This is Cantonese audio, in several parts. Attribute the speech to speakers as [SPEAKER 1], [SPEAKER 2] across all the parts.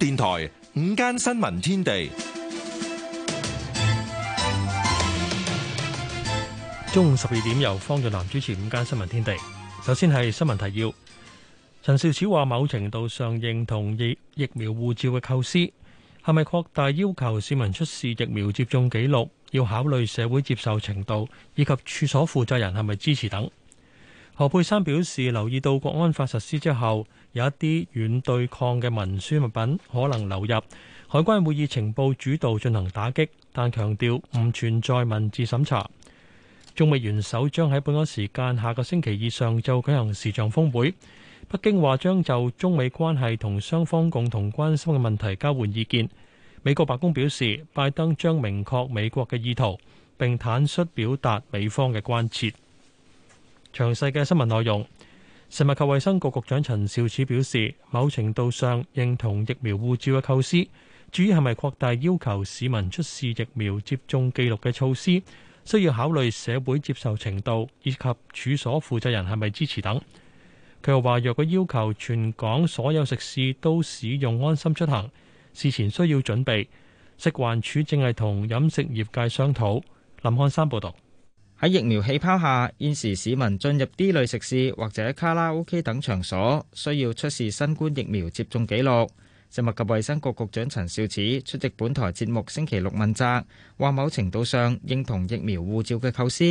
[SPEAKER 1] 電台午間新聞天地，
[SPEAKER 2] 中午十二點由方俊南主持午間新聞天地。首先係新聞提要：陳肇始話，某程度上認同疫疫苗護照嘅構思，係咪擴大要求市民出示疫苗接種記錄，要考慮社會接受程度以及處所負責人係咪支持等。何佩珊表示，留意到國安法實施之後。有一啲軟對抗嘅文書物品可能流入，海關會以情報主導進行打擊，但強調唔存在文字審查。中美元首將喺本港時間下個星期二上晝舉行視像峰會，北京話將就中美關係同雙方共同關心嘅問題交換意見。美國白宮表示，拜登將明確美國嘅意圖，並坦率表達美方嘅關切。詳細嘅新聞內容。食物及衛生局局長陳肇始表示，某程度上認同疫苗護照嘅構思，至於係咪擴大要求市民出示疫苗接種記錄嘅措施，需要考慮社會接受程度以及處所負責人係咪支持等。佢又話：若果要求全港所有食肆都使用安心出行，事前需要
[SPEAKER 3] 準備。食環署正係同飲食業界商討。林漢山報導。喺疫苗氣泡下，現時市民進入 D 類食肆或者卡拉 OK 等場所，需要出示新冠疫苗接種記錄。食物及衛生局局長陳肇始出席本台節目《星期六問責》，話某程度上認同疫苗護照嘅構思，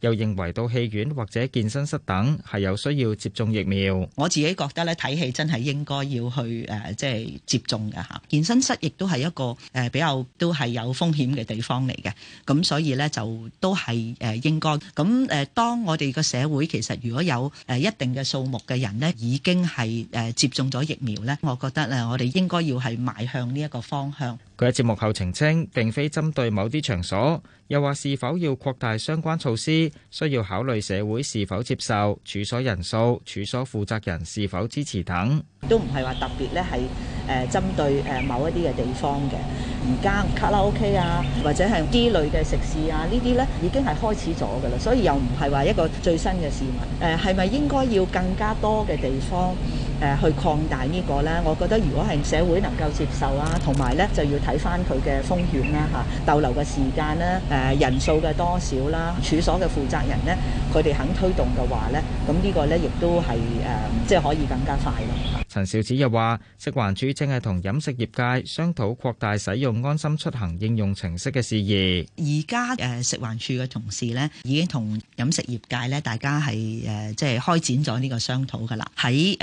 [SPEAKER 3] 又認為到戲院或者健身室等係有需要接種疫苗。我
[SPEAKER 4] 自己覺得咧，睇戲真係應該要去誒，即係接種㗎吓。健身室亦都係一個誒比較都係有風險嘅地方嚟嘅，咁所以咧就都係誒應該。咁誒，當我哋個社會其實如果有誒一定嘅數目嘅人咧，已經係誒接種咗疫苗咧，我覺得咧，我哋應應該要係邁向呢一個方向。
[SPEAKER 3] 佢喺節目後澄清，並非針對某啲場所，又話是否要擴大相關措施，需要考慮社會是否接受、處所人數、處所負責人是否支持等。
[SPEAKER 4] 都唔係話特別咧，係誒針對某一啲嘅地方嘅。而家卡拉 OK 啊，或者係啲類嘅食肆啊，呢啲呢已經係開始咗㗎喇。所以又唔係話一個最新嘅市民，誒係咪應該要更加多嘅地方？誒去擴大呢個呢，我覺得如果係社會能夠接受啊，同埋呢就要睇翻佢嘅風險啦、啊、逗留嘅時間啦、啊，誒、呃、人數嘅多少啦、啊，處所嘅負責人呢，佢哋肯推動嘅話呢，咁呢個呢，亦都係誒、呃、即係可以更加快咯。
[SPEAKER 3] 陳肇始又話：食環署正係同飲食業界商討擴大使用安心出行應用程式嘅事宜。
[SPEAKER 4] 而家誒食環署嘅同事呢，已經同飲食業界呢，大家係誒即係開展咗呢個商討㗎啦，喺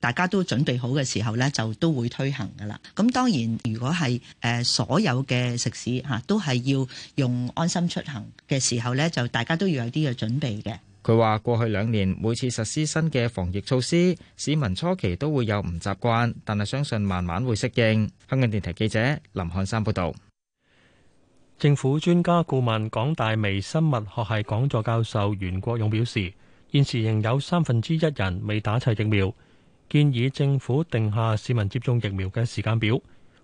[SPEAKER 4] 大家都準備好嘅時候呢，就都會推行噶啦。咁當然，如果係誒所有嘅食肆嚇都係要用安心出行嘅時候呢，就大家都要有啲嘅準備嘅。
[SPEAKER 3] 佢話：過去兩年每次實施新嘅防疫措施，市民初期都會有唔習慣，但係相信慢慢會適應。香港電台記者林漢山報導。政府專家顧問、港大微生物學
[SPEAKER 2] 系講座教授袁國勇表示，現時仍有三分之一人未打齊疫苗。建議政府定下市民接種疫苗嘅時間表。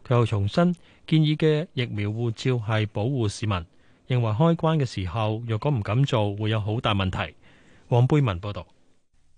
[SPEAKER 2] 佢又重申建議嘅疫苗護照係保護市民，認為開關嘅時候若果唔敢做，會有好大問題。黃貝文報道。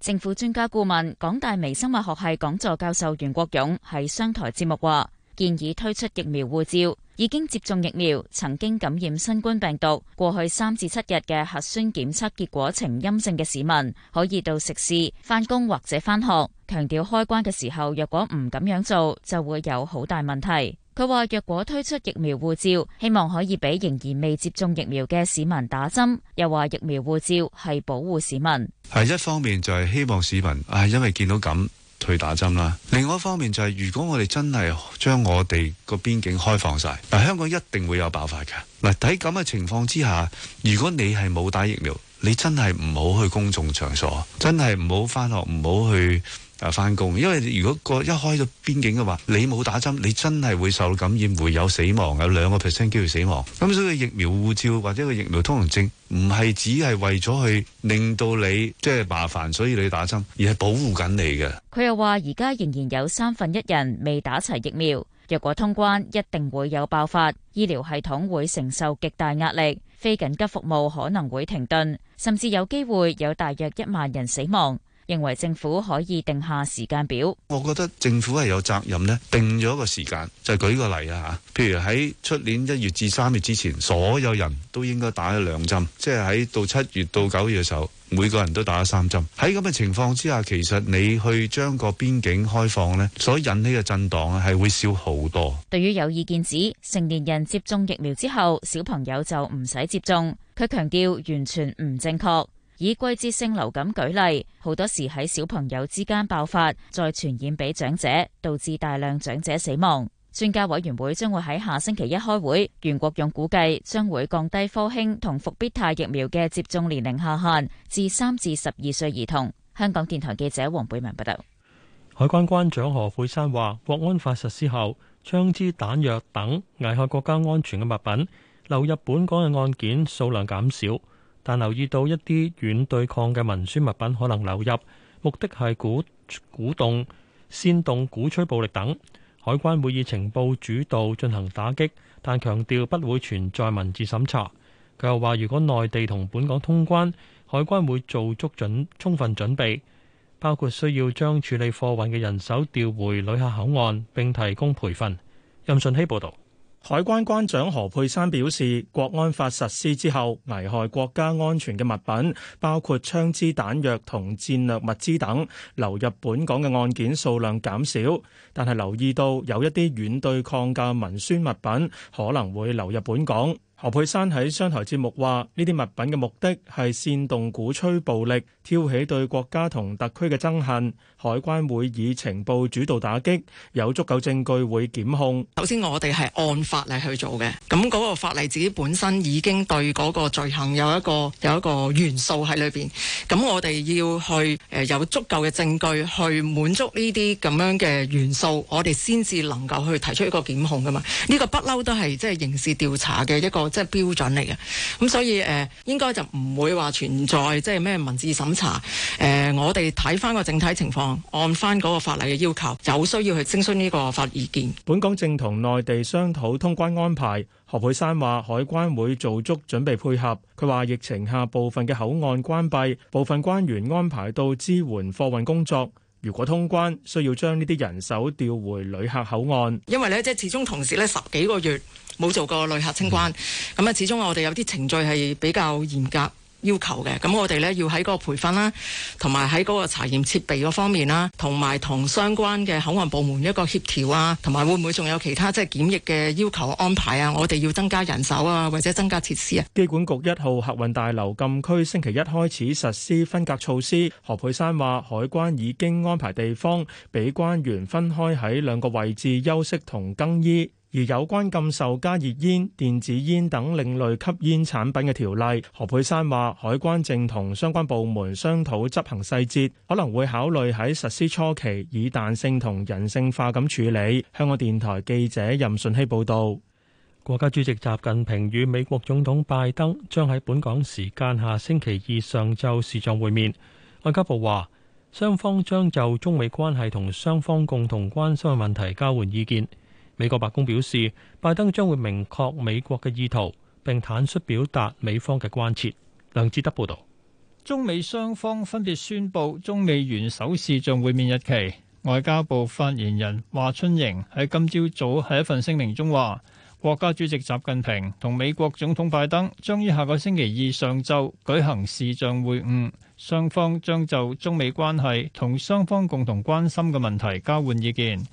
[SPEAKER 5] 政府專家顧問、港大微生物學系講座教授袁國勇喺商台節目話，建議推出疫苗護照，已經接種疫苗，曾經感染新冠病毒、過去三至七日嘅核酸檢測結果呈陰性嘅市民，可以到食肆、翻工、或者翻學。強調開關嘅時候，若果唔咁樣做，就會有好大問題。佢話若果推出疫苗護照，希望可以俾仍然未接種疫苗嘅市民打針。又話疫苗護照係保護市民，
[SPEAKER 6] 係一方面就係希望市民，係、哎、因為見到咁。退打針啦！另外一方面就係、是，如果我哋真係將我哋個邊境開放晒，香港一定會有爆發嘅。嗱，喺咁嘅情況之下，如果你係冇打疫苗，你真係唔好去公眾場所，真係唔好翻學，唔好去。啊！翻工，因為如果個一開咗邊境嘅話，你冇打針，你真係會受到感染，會有死亡，有兩個 percent 機會死亡。咁所以疫苗護照或者個疫苗通行證，唔係只係為咗去令到你即係麻煩，所以你打針，而係保護緊你嘅。
[SPEAKER 5] 佢又話，而家仍然有三分一人未打齊疫苗，若果通關一定會有爆發，醫療系統會承受極大壓力，非緊急服務可能會停頓，甚至有機會有大約一萬人死亡。認為政府可以定
[SPEAKER 6] 下時間表。我覺得政府係有責任咧，定咗個時間。就舉個例啊，吓，譬如喺出年一月至三月之前，所有人都應該打咗兩針，即係喺到七月到九月嘅時候，每個人都打咗三針。喺咁嘅情況之下，其實你去將個邊境開放呢，所引起嘅震盪係會少好多。
[SPEAKER 5] 對於有意見指成年人接種疫苗之後，小朋友就唔使接種，佢強調完全唔正確。以季節性流感舉例，好多時喺小朋友之間爆發，再傳染俾長者，導致大量長者死亡。專家委員會將會喺下星期一開會。袁國勇估計將會降低科興同復必泰疫苗嘅接種年齡下限至三至十二歲兒童。香港電台記者黃貝文報道。
[SPEAKER 2] 海關關長何佩珊話：國安法實施後，槍支、彈藥等危害國家安全嘅物品流入本港嘅案件數量減少。但留意到一啲軟對抗嘅文宣物品可能流入，目的係鼓鼓動、煽動、鼓吹暴力等。海關會以情報主導進行打擊，但強調不會存在文字審查。佢又話：如果內地同本港通關，海關會做足準充分準備，包括需要將處理貨運嘅人手調回旅客口岸，並提供培訓。任順希報導。
[SPEAKER 1] 海關關長何佩珊表示，國安法實施之後，危害國家安全嘅物品，包括槍支彈藥同戰略物資等，流入本港嘅案件數量減少。但係留意到有一啲軟對抗嘅文宣物品，可能會流入本港。何佩珊喺商台節目話，呢啲物品嘅目的係煽動鼓吹暴力。挑起對國家同特區嘅憎恨，海關會以情報主導打擊，有足夠證據會檢控。首先我哋係按法例去做嘅，咁嗰個法例自己本身已經對嗰個罪行有一個有一個元素喺裏邊，咁我哋要去誒、呃、有足夠嘅證據去滿足呢啲咁樣嘅元素，我哋先至能夠去提出一個檢控噶嘛。呢、這個不嬲都係即係刑事調查嘅一個即係標準嚟嘅。咁所以誒、呃、應該就唔會話存在即係咩文字審查，誒，我哋睇翻個整體情況，按翻個法例嘅要求，有需要去徵詢呢個法律意見。本港正同內地商討通關安排。何佩珊話，海關會做足準備配合。佢話疫情下部分嘅口岸關閉，部分關員安排到支援貨運工作。如果通關，需要將呢啲人手調回旅客口岸。因為咧，即係始終同時咧十幾個月冇做過旅客清關，咁啊，始終我哋有啲程序係比較嚴格。要求嘅，咁我哋咧要喺嗰個培訓啦，同埋喺嗰個查驗設備嗰方面啦，同埋同相關嘅口岸部門一個協調啊，同埋會唔會仲有其他即係檢疫嘅要求安排啊？我哋要增加人手啊，或者增加設施啊。機管局一號客運大樓禁區星期一開始實施分隔措施。何佩珊話，海關已經安排地方俾關員分開喺兩個位置休息同更衣。而有關禁售加熱煙、電子煙等另類吸煙產品嘅條例，何佩珊話：海關正同相關部門商討執行細節，可能會考慮喺實施初期以彈性同人性化咁處理。香港電台記者任順希報導。國家主席習近平與美國總統拜登將喺本港時間
[SPEAKER 2] 下星期二上晝視像會面。外交部話，雙方將就中美關係同雙方共同關心嘅問題交換意見。美國白宮表示，拜登將會明確美國嘅意圖，並坦率表達美方嘅關切。梁志德報道，
[SPEAKER 7] 中美雙方分別宣布中美元首視像會面日期。外交部發言人華春瑩喺今朝早喺一份聲明中話，國家主席習近平同美國總統拜登將於下個星期二上晝舉行視像會晤，雙方將就中美關係同雙方共同關心嘅問題交換意見。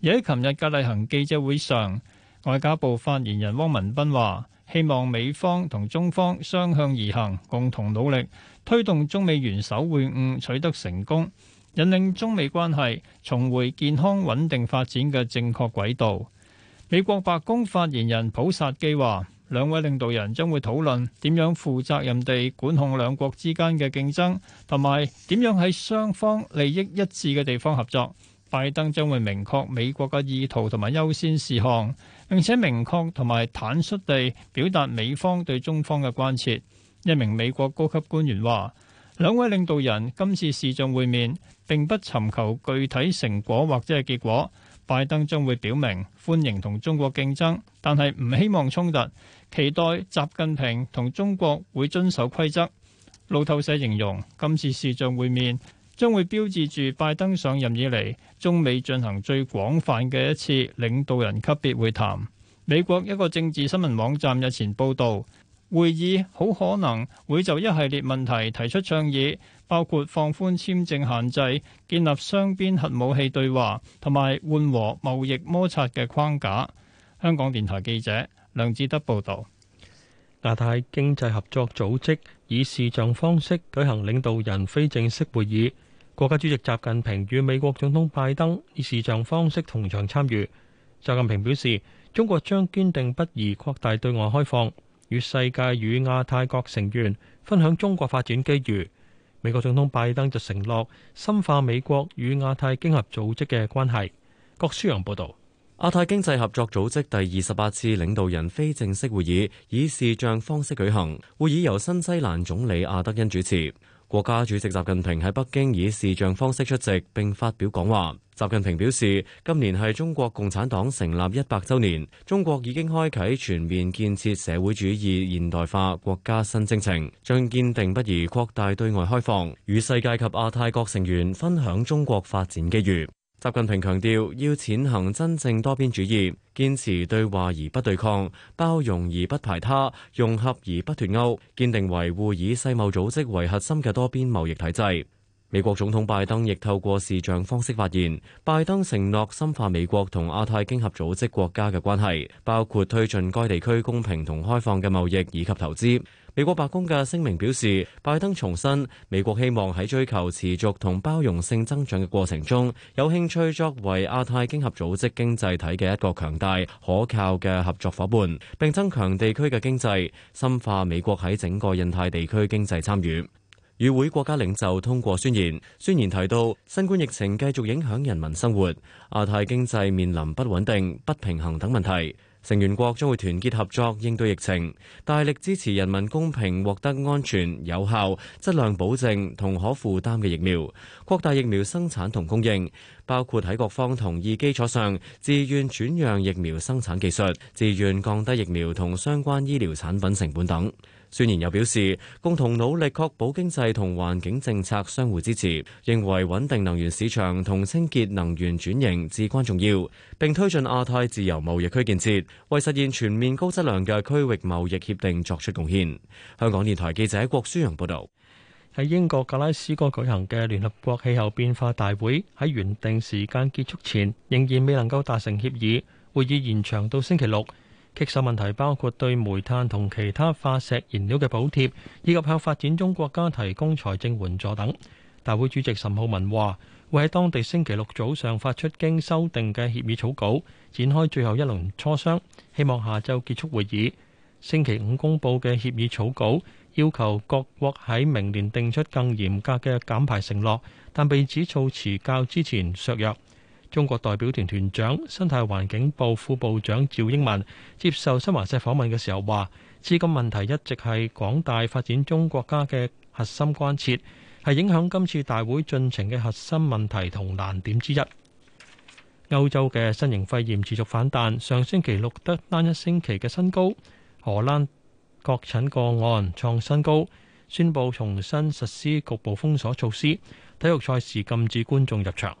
[SPEAKER 7] 而喺琴日嘅例行記者會上，外交部發言人汪文斌話，希望美方同中方雙向而行，共同努力推動中美元首會晤取得成功，引領中美關係重回健康穩定發展嘅正確軌道。美國白宮發言人普薩基話，兩位領導人將會討論點樣負責任地管控兩國之間嘅競爭，同埋點樣喺雙方利益一致嘅地方合作。拜登將會明確美國嘅意圖同埋優先事項，並且明確同埋坦率地表達美方對中方嘅關切。一名美國高級官員話，兩位領導人今次視像會面並不尋求具體成果或者係結果。拜登將會表明歡迎同中國競爭，但係唔希望衝突，期待習近平同中國會遵守規則。路透社形容，今次視像會面，將會標誌住拜登上任以嚟中美進行最廣泛嘅一次領導人級別會談。美國一個政治新聞網站日前報導，會議好可能會就一系列問題提出倡議，包括放寬簽證限制、建立雙邊核武器對話同埋緩和貿易摩擦嘅框架。香港電台記者梁志德報導。亞太經濟合作組織以
[SPEAKER 2] 視像方式舉行領導人非正式會議。國家主席習近平與美國總統拜登以視像方式同場參與。習近平表示，中國將堅定不移擴大對外開放，與世界與亞太各成員分享中國發展機遇。美國總統拜登就承諾深化美國與亞太
[SPEAKER 8] 經合組織嘅關係。郭書洋報道：亞太經濟合作組織第二十八次領導人非正式會議以視像方式舉行，會議由新西蘭總理阿德恩主持。國家主席習近平喺北京以視像方式出席，並發表講話。習近平表示，今年係中國共產黨成立一百周年，中國已經開啟全面建設社會主義現代化國家新征程，將堅定不移擴大對外開放，與世界及亞太國成員分享中國發展機遇。習近平強調，要踐行真正多邊主義，堅持對話而不對抗，包容而不排他，融合而不脫鈎，堅定維護以世貿組織為核心嘅多邊貿易體制。美國總統拜登亦透過視像方式發言，拜登承諾深化美國同亞太經合組織國家嘅關係，包括推進該地區公平同開放嘅貿易以及投資。美國白宮嘅聲明表示，拜登重申美國希望喺追求持續同包容性增長嘅過程中，有興趣作為亞太經合組織經濟體嘅一個強大可靠嘅合作伙伴，並增強地區嘅經濟，深化美國喺整個印太地區經濟參與。與會國家領袖通過宣言，宣言提到新冠疫情繼續影響人民生活，亞太經濟面臨不穩定、不平衡等問題。成員國將會團結合作應對疫情，大力支持人民公平獲得安全、有效、質量保證同可負擔嘅疫苗，擴大疫苗生產同供應，包括喺各方同意基礎上，自願轉讓疫苗生產技術，自願降低疫苗同相關醫療產品成本等。宣言又表示，共同努力確保經濟同環境政策相互支持，認為穩定能源市場同清潔能源轉型至關重要，並推進亞太自由貿易區建設，為實現全面高質量嘅區域貿易協定作出貢獻。香港電台記者郭舒揚報道。喺英國格拉斯哥舉行嘅聯合國氣候變化大會喺原
[SPEAKER 2] 定時間結束前仍然未能夠達成協議，會議延長到星期六。棘手問題包括對煤炭同其他化石燃料嘅補貼，以及向發展中國家提供財政援助等。大會主席岑浩文話：會喺當地星期六早上發出經修訂嘅協議草稿，展開最後一輪磋商，希望下晝結束會議。星期五公佈嘅協議草稿要求各國喺明年訂出更嚴格嘅減排承諾，但被指措辭較之前削弱。中國代表團團長、生態環境部副部長趙英民接受新華社訪問嘅時候話：資金問題一直係廣大發展中國家嘅核心關切，係影響今次大會進程嘅核心問題同難點之一。歐洲嘅新型肺炎持續反彈，上星期錄得單一星期嘅新高，荷蘭確診個案創新高，宣布重新實施局部封鎖措施，體育賽事禁止觀眾入場。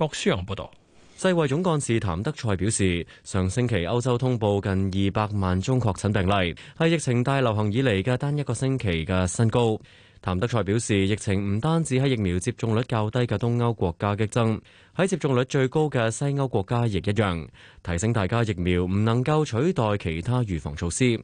[SPEAKER 8] 郭舒陽報道，世衛總幹事譚德塞表示，上星期歐洲通報近二百萬宗確診病例，係疫情大流行以嚟嘅單一個星期嘅新高。譚德塞表示，疫情唔單止喺疫苗接種率較低嘅東歐國家激增，喺接種率最高嘅西歐國家亦一樣。提醒大家，疫苗唔能夠取代其他預防措施。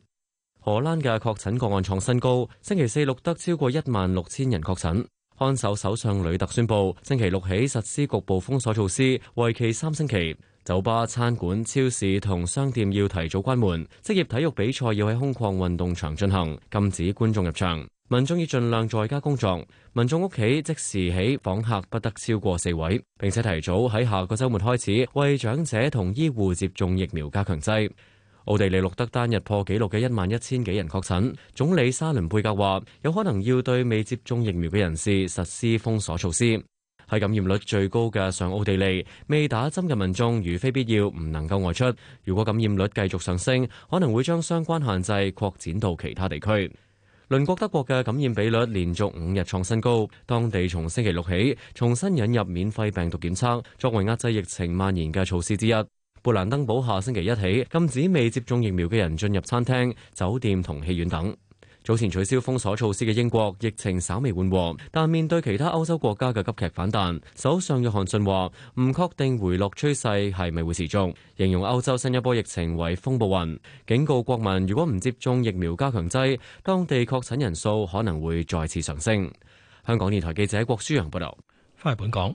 [SPEAKER 8] 荷蘭嘅確診個案創新高，星期四錄得超過一萬六千人確診。看守首相呂特宣布，星期六起實施局部封鎖措施，為期三星期。酒吧、餐館、超市同商店要提早關門。職業體育比賽要喺空曠運動場進行，禁止觀眾入場。民眾要盡量在家工作。民眾屋企即時起訪客不得超過四位，並且提早喺下個周末開始為長者同醫護接種疫苗加強劑。奧地利錄得單日破紀錄嘅一萬一千幾人確診，總理沙倫貝格話有可能要對未接種疫苗嘅人士實施封鎖措施。喺感染率最高嘅上奧地利，未打針嘅民眾如非必要唔能夠外出。如果感染率繼續上升，可能會將相關限制擴展到其他地區。鄰國德國嘅感染比率連續五日創新高，當地從星期六起重新引入免費病毒檢測，作為壓制疫情蔓延嘅措施之一。布蘭登堡下星期一起禁止未接種疫苗嘅人進入餐廳、酒店同戲院等。早前取消封鎖措施嘅英國，疫情稍微緩和，但面對其他歐洲國家嘅急劇反彈，首相約翰遜話唔確定回落趨勢係咪會持續，形容歐洲新一波疫情為風暴雲，警告國民如果唔接種疫苗加強劑，當地確診人數可能會再次上升。香港電台記者郭舒陽報道。翻嚟本港。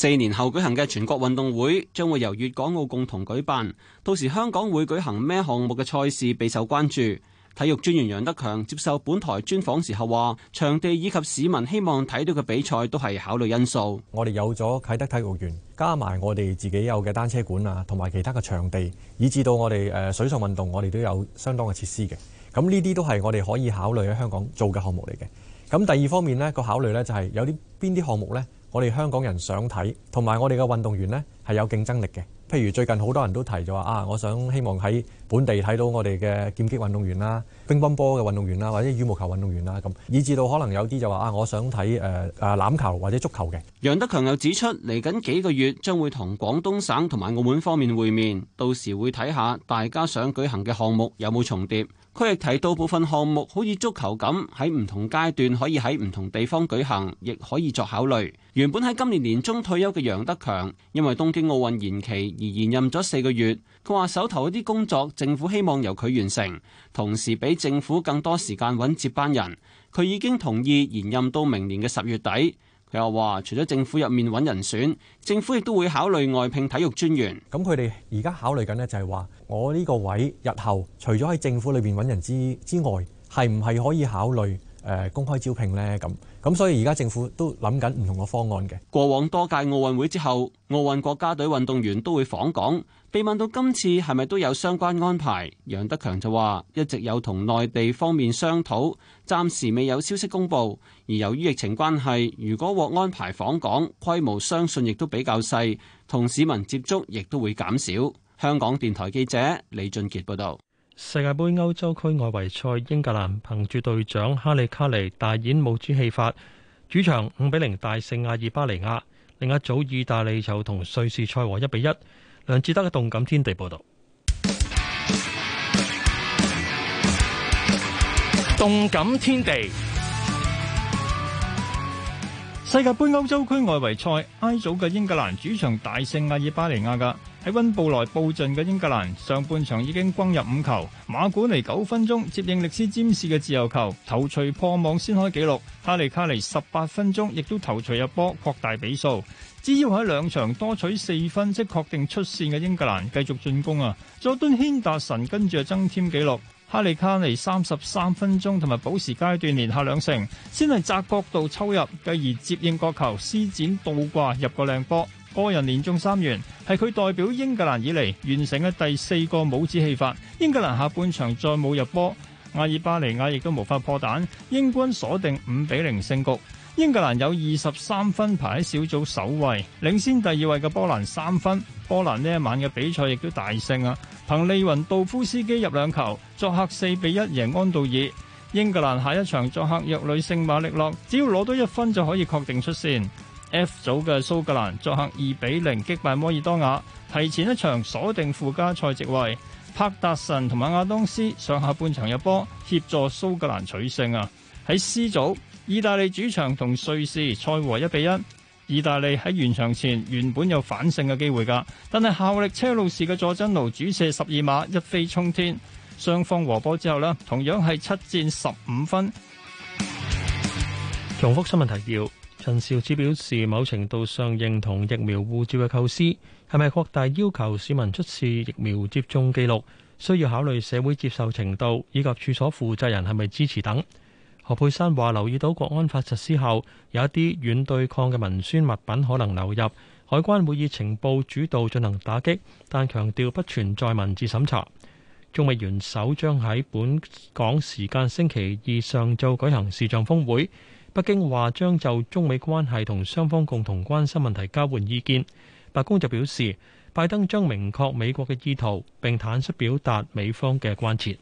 [SPEAKER 9] 四年後舉行嘅全國運動會將會由粵港澳共同舉辦，到時香港會舉行咩項目嘅賽事備受關注。體育專員楊德強接受本台專訪時候話，場地以及市民希望睇到嘅比賽都係考慮因素。
[SPEAKER 8] 我哋有咗啟德體育園加埋我哋自己有嘅單車館啊，同埋其他嘅場地，以至到我哋誒水上運動我哋都有相當嘅設施嘅。咁呢啲都係我哋可以考慮喺香港做嘅項目嚟嘅。咁第二方面呢個考慮呢就係有啲邊啲項目呢。我哋香港人想睇，同埋我哋嘅運動員呢，係有競爭力嘅。譬如最近好多人都提咗話啊，我想希望喺本地睇到我哋嘅劍擊運動員啦、乒乓波嘅運動員啦，或者羽毛球運動員啦咁，以至到可能有啲就話啊，我想睇誒誒籃球或者足球嘅。
[SPEAKER 9] 楊德強又指出，嚟緊幾個月將會同廣東省同埋澳門方面會面，到時會睇下大家想舉行嘅項目有冇重疊。佢亦提到部分項目好似足球咁，喺唔同階段可以喺唔同地方舉行，亦可以作考慮。原本喺今年年中退休嘅楊德強，因為東京奧運延期而延任咗四個月。佢話手頭一啲工作，政府希望由佢完成，同時俾政府更多時間揾接班人。佢已經同意延任到明年嘅十月底。佢又話，除咗政府入面揾人選，政府亦都會考慮外聘體育專員。
[SPEAKER 8] 咁佢哋而家考慮緊咧，就係話我呢個位日後除咗喺政府裏邊揾人之之外，係唔係可以考慮誒公開招聘咧？咁咁所以而家政府都諗緊唔同嘅方案嘅。
[SPEAKER 9] 過往多屆奧運會之後，奧運國家隊運動員都會訪港。被問到今次係咪都有相關安排，楊德強就話一直有同內地方面商討，暫時未有消息公布。而由於疫情關係，如果獲安排訪港，規模相信亦都比較細，同市民接觸亦都會減少。香港電台記者李俊杰報道。
[SPEAKER 2] 世界盃歐洲區外圍賽，英格蘭憑住隊長哈利卡尼大演帽子戲法，主場五比零大勝阿爾巴尼亞。另一組意大利就同瑞士賽和一比一。梁志德嘅動感天地報道。
[SPEAKER 7] 動感天地，世界盃歐洲區外圍賽埃組嘅英格蘭主場大勝阿爾巴尼亞噶。喺溫布萊布陣嘅英格蘭，上半場已經攻入五球。馬古尼九分鐘接應歷史占士嘅自由球頭槌破網先開紀錄。哈利卡尼十八分鐘亦都頭槌入波擴大比數。只要喺兩場多取四分，即確定出線嘅英格蘭繼續進攻啊！佐敦軒達臣跟住增添紀錄。哈利卡尼三十三分鐘同埋保時階段連下兩成，先係窄角度抽入，繼而接應角球施展倒掛入個靚波。波人連中三元，係佢代表英格蘭以嚟，完成嘅第四個帽子戲法。英格蘭下半場再冇入波，阿爾巴尼亞亦都無法破蛋，英軍鎖定五比零勝局。英格蘭有二十三分排喺小組首位，領先第二位嘅波蘭三分。波蘭呢一晚嘅比賽亦都大勝啊！彭利雲道夫斯基入兩球，作客四比一贏安道爾。英格蘭下一場作客若取聖馬力諾，只要攞到一分就可以確定出線。F 組嘅蘇格蘭作客二比零擊敗摩爾多瓦，提前一場鎖定附加賽席位。柏達臣同埋亞當斯上下半場入波協助蘇格蘭取勝啊！喺 C 組，意大利主場同瑞士賽和一比一。意大利喺完場前原本有反勝嘅機會噶，但係效力車路士嘅佐真奴主射十二碼一飛沖天。雙方和波之後呢同樣係七戰十五分。
[SPEAKER 2] 重複新聞提要。陳肇始表示，某程度上認同疫苗護照嘅構思，係咪擴大要求市民出示疫苗接種記錄，需要考慮社會接受程度以及處所負責人係咪支持等。何佩珊話：留意到國安法實施後，有一啲軟對抗嘅文宣物品可能流入，海關會以情報主導進行打擊，但強調不存在文字審查。中美元首將喺本港時間星期二上晝舉行視像峰會。北京話將就中美關係同雙方共同關心問題交換意見。白宮就表示，拜登將明確美國嘅意圖，並坦率表達美方嘅關切。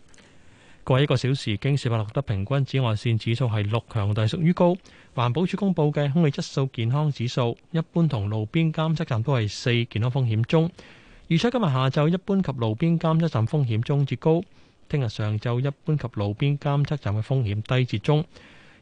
[SPEAKER 2] 過去一個小時，京士柏錄得平均紫外線指數係六，強度屬於高。環保署公布嘅空氣質素健康指數，一般同路邊監測站都係四，健康風險中。預測今日下晝一般及路邊監測站風險中至高，聽日上晝一般及路邊監測站嘅風險低至中。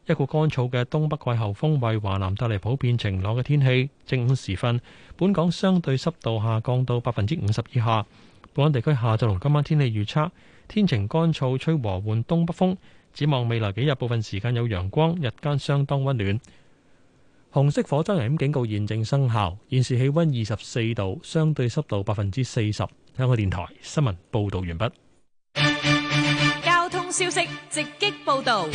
[SPEAKER 2] 一股乾燥嘅東北季候風為華南帶嚟普遍晴朗嘅天氣。正午時分，本港相對濕度下降到百分之五十以下。本港地區下晝同今晚天氣預測：天晴乾燥，吹和緩東北風。展望未來幾日，部分時間有陽光，日間相當温暖。紅色火災危險警告現正生效。現時氣温二十四度，相對濕度百分之
[SPEAKER 10] 四十。香港電台新聞報道完畢。
[SPEAKER 4] 交通消息直擊報道。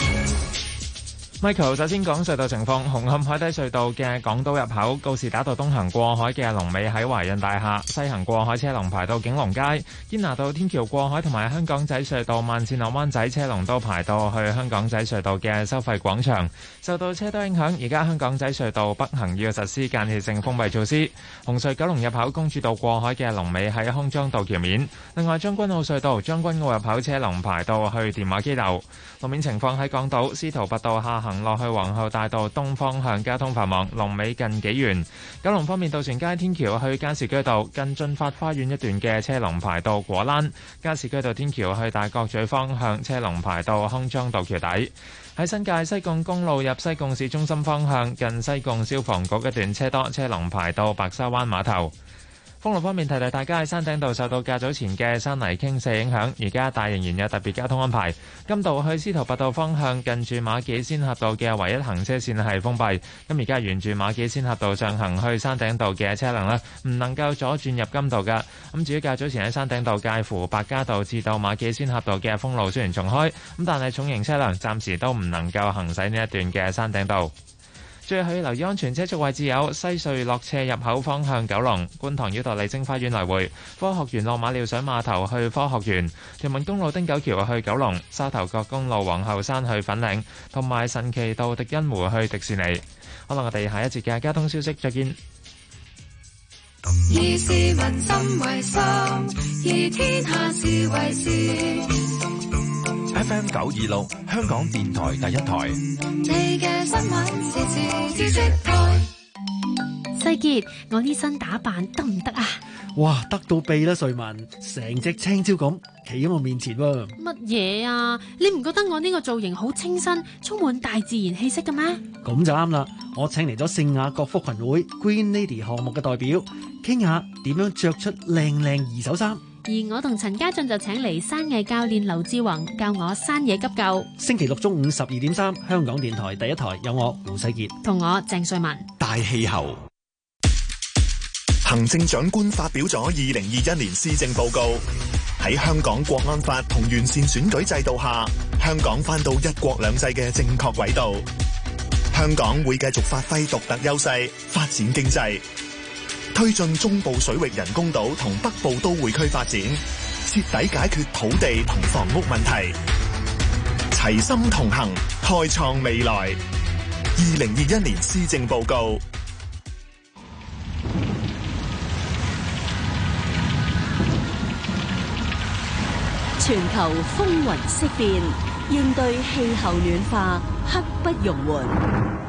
[SPEAKER 10] Michael，首先講隧道情況。紅磡海底隧道嘅港島入口告士打道東行過海嘅龍尾喺華潤大廈；西行過海車龍排到景隆街。堅拿道天橋過海同埋香港仔隧道慢線落灣仔車龍都排到去香港仔隧道嘅收費廣場。受到車多影響，而家香港仔隧道北行要實施間歇性封閉措施。紅隧九龍入口公主道過海嘅龍尾喺康莊道橋面。另外，將軍澳隧道將軍澳入口車龍排到去電話機樓。路面情況喺港島司徒拔道下，行落去皇后大道東方向，交通繁忙，龍尾近紀元。九龍方面，渡船街天橋去加士居道，近駿發花園一段嘅車龍排到果欄；加士居道天橋去大角咀方向，車龍排到康莊道橋底。喺新界西貢公路入西貢市中心方向，近西貢消防局一段車多，車龍排到白沙灣碼頭。風路方面，提提大家，喺山頂道受到較早前嘅山泥傾瀉影響，而家大仍然有特別交通安排。金道去司徒八道方向，近住馬幾仙合道嘅唯一行車線係封閉。咁而家沿住馬幾仙合道上行去山頂道嘅車輛呢，唔能夠左轉入金道嘅。咁至於較早前喺山頂道介乎百家道至到馬幾仙合道嘅風路雖然重開，咁但係重型車輛暫時都唔能夠行駛呢一段嘅山頂道。最後要留意安全車速位置有西隧落斜入口方向、九龍觀塘繞道麗晶花園來回、科學園落馬料水碼頭去科學園、屯門公路丁九橋去九龍、沙頭角公路皇后山去粉嶺，同埋神奇道迪欣湖去迪士尼。好啦，我哋下一節嘅交通消息，再見。
[SPEAKER 9] 以市民心為
[SPEAKER 4] 心，以天下事為事。
[SPEAKER 10] FM 九二
[SPEAKER 1] 六，香港電台第一台。
[SPEAKER 4] 你嘅新
[SPEAKER 5] 聞世傑，我呢身打扮得唔得啊？
[SPEAKER 9] 哇，得到鼻啦！瑞文，成隻青椒咁企喺我面前喎。
[SPEAKER 5] 乜嘢啊？你唔覺得我呢個造型好清新，充滿大自然氣息嘅咩？
[SPEAKER 9] 咁就啱啦！我請嚟咗聖雅各福群會 Green Lady 項目嘅代表，傾下點樣着出靚靚二手衫。
[SPEAKER 5] 而我同陳家俊就請嚟山藝教練劉志宏教我山野急
[SPEAKER 9] 救。星期六中午十二點三，香港電台第一台有我胡世杰同我鄭瑞文。大氣候，行
[SPEAKER 1] 政長官發表咗二零二一年施政報告。喺香港國安法同完善選舉制度下，香港返到一國兩制嘅正確軌道。香港會繼續發揮獨特優勢，發展經濟。推進中部水域人工島同北部都會區發展，徹底解決土地同房屋問題，齊心同行，開創未來。二零二一年施政報告。
[SPEAKER 4] 全球風雲色變，應對氣候暖化，刻不容緩。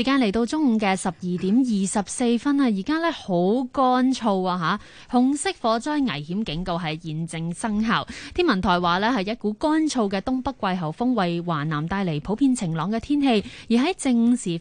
[SPEAKER 5] 時間嚟到中午嘅十二點二十四分啊！而家咧，好乾燥啊吓，紅色火災危險警告係現正生效。天文台話咧係一股乾燥嘅東北季候風為華南帶嚟普遍晴朗嘅天氣，而喺正時。